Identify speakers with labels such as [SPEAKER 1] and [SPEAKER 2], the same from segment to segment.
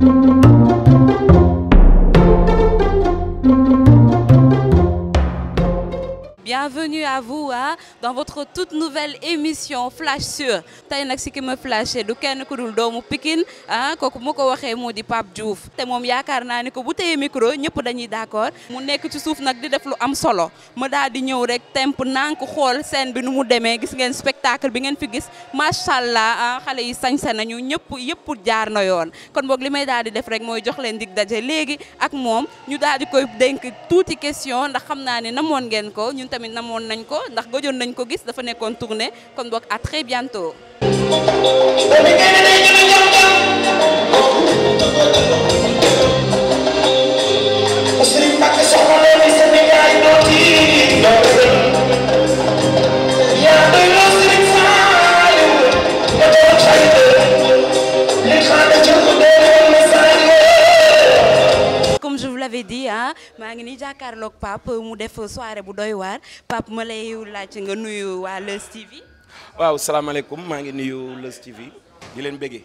[SPEAKER 1] thank you bienvenue à vous ah dans votre toute nouvelle émission Flash tey nag si ki ma flashé du kenn ku dul doomu Pikine ah kooku mu ko waxee moo di Pape Diouf te moom yaakaar naa ne ko bu téye micro ñëpp dañuy d'accord mu nekk ci suuf nag di def lu am solo ma daal di ñëw rek temp nank xool seen bi nu mu demee gis ngeen spectacle bi ngeen fi gis macha allah xale yi sañse nañu ñëpp yëpp jaar na yoon kon boog li may daal di def rek mooy jox leen dig daje léegi ak moom ñu daal di koy dénk tuuti question ndax xam naa ne namoon ngeen ko amoon nañ ko ndax gëjoon nañ ko gis dafa nekkoon tournée kon boog à très maa ngi nii jàkkaarlook papp mu def soirée bu doy waar Pape ma lay laaj nga nuyu waa Leuz TV.
[SPEAKER 2] waaw salaamaaleykum maa ngi nuyu Leuz TV di leen bëggee.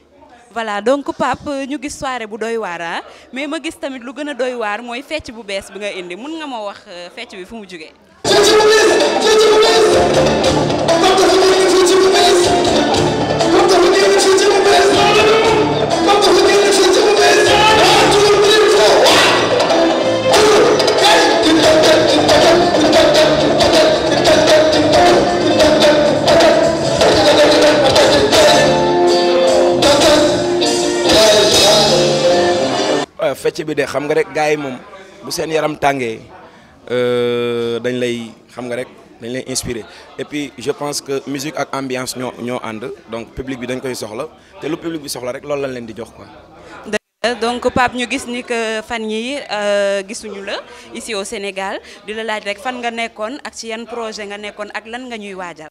[SPEAKER 1] voilà donc Pape ñu gis soirée bu doy waar ah. mais ma gis tamit lu gën a doy waar mooy fecc bu bees bi nga indi mun nga ma wax euh, fecc bi fu mu jugee.
[SPEAKER 2] fecc bi de xam nga rek gars yi moom bu seen yaram tàngee euh, dañ lay xam nga rek dañ lay inspiré et puis je pense que musique ak ambiance ñoo ànd donc public bi dañ koy soxla te lu public bi soxla rek loolu lañ leen di jox quoi.
[SPEAKER 1] donc Pape ñu gis ni que fan yi euh, gisuñu la ici au Sénégal di la laaj rek fan nga nekkoon ak ci yan projet nga nekkoon ak lan nga ñuy waajal.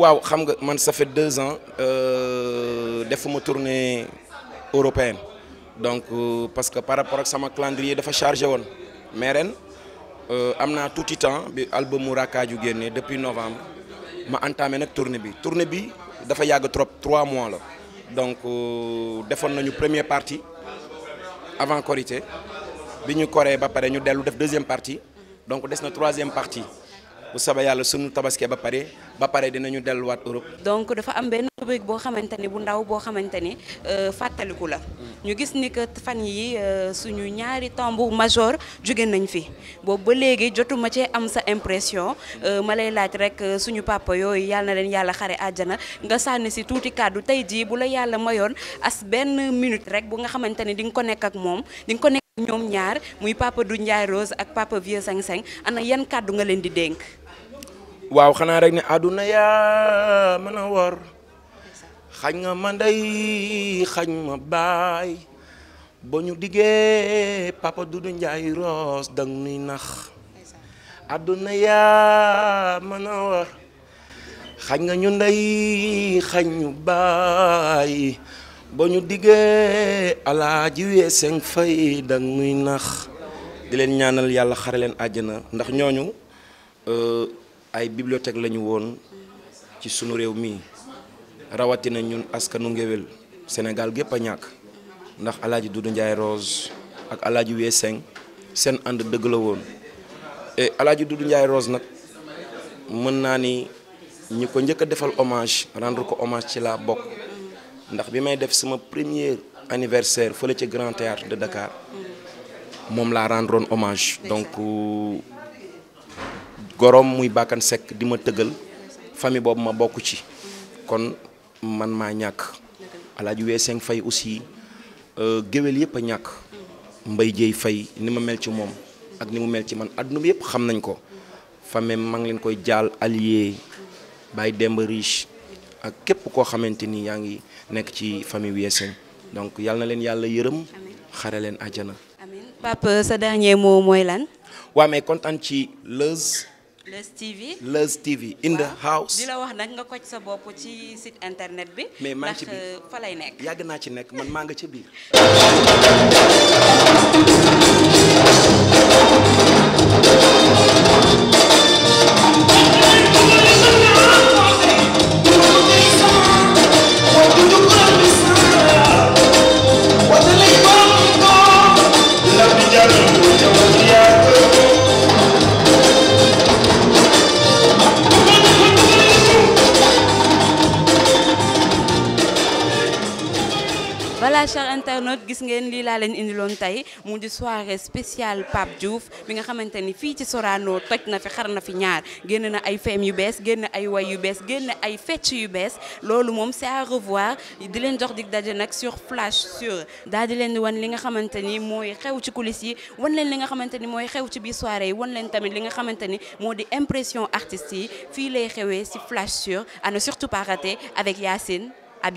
[SPEAKER 2] waaw xam nga man ça fait deux ans euh, defuma tournée européenne. donc euh, parce que par rapport ak sama calendrier dafa chargé woon mais ren euh, am naa tuuti temps bi album mu Rakkaaju génnee depuis novembre ma entamé nag tournée bi tournée bi dafa yàgg trop trois mois la donc euh, defoon nañu premier partie avant Korité bi ñu koree ba pare ñu dellu def deuxième partie donc des na troisième partie bu saba yàlla suñu tabaskee ba pare ba pare dinañu delluwaat Europe.
[SPEAKER 1] donc dafa am benn rubrique boo xamante ni bu ndaw boo xamante ni euh, fàttaliku la. ñu gis ni que fan yi euh, suñu ñaari tambour major jóge nañ fi boobu ba léegi jotuma ci am sa impression euh, ma lay laaj rek suñu papa yooyu yàlla na leen yàlla xare àjjana nga sànni si tuuti kàddu tey jii bu la yàlla mayoon as benn minute rek bu nga xamante ni di nga ko nekk ak moom di nga ko nekk ñoom ñaar muy papa du Ndiaye Rose ak papa Vieux Seng Seng ana yan kàddu nga leen di dénk.
[SPEAKER 2] waaw xanaa rek ni àdduna yaa mën a war xañ
[SPEAKER 1] nga ma ndey xañ ma
[SPEAKER 2] baay ba ñu diggee papa Dudu Njaay Roos dang nuy nax àdduna yaa mën a war xañ nga ñu ndey xañ ñu baay ba ñu diggee alaaji weeseng fay dang nuy nax di leen ñaanal yàlla xare leen àjjana ndax ñooñu euh, ay bibliothèque lañu woon ci sunu réew mii rawatina ñun askanu ngéwél Sénégal gépp a ñàkk ndax alaaji Doudou Ndiaye Rose ak alaaji Wee Seng seen ànd dëgg la woon et alaaji Doudou Ndiaye Rose nag mën naa ni ñu ko njëkk defal hommage rendre ko hommage ci laa bokk ndax bi may def sama premier anniversaire fële ci Grand Théâtre de Dakar moom laa rendre woon hommage donc euh, gorom muy bàkkan sekk di ma tëggal famille boobu ma bokk ci kon man maa ñàkk alaaji weeseng fay aussi euh, géwél yëpp a ñàkk mbay jéey fay ni ma mel ci moom ak ni mu mel ci man adduna bi yëpp xam nañ ko famille maa ngi leen koy jaal allié Baye Demba riche ak képp koo xamante ni yaa ngi nekk ci famille weeseng donc yàlla na leen yàlla yërëm xare leen àjjana.
[SPEAKER 1] amiin sa dernier mot mooy lan.
[SPEAKER 2] waa mais kontaan ci Leuz.
[SPEAKER 1] Leuz TV
[SPEAKER 2] Leuz TV in the house di la
[SPEAKER 1] wax nag nga koj sa bopp ci site internet bi. mais man ci biir euh, fa lay nekk.
[SPEAKER 2] yàgg naa ci nekk man maa nga ca biir.
[SPEAKER 1] voilà chers internautes gis ngeen lii laa leen indiloon tey mu di soirée spéciale Pape Diouf bi nga xamante ni fii ci Sorano toj na fi xar na fi ñaar génn na ay feem yu bees génn ay way yu bees génn ay fecc yu bees loolu moom c'est à revoir di leen jox dig daje nag sur flash sur daal leen di wan li nga xamante ni mooy xew ci coulisses yi wan leen li nga xamante ni mooy xew ci biir soirée yi wan leen tamit li nga xamante ni moo di impression artist yi fii lay xewee si flash sur à surtout pas rater avec Yacine à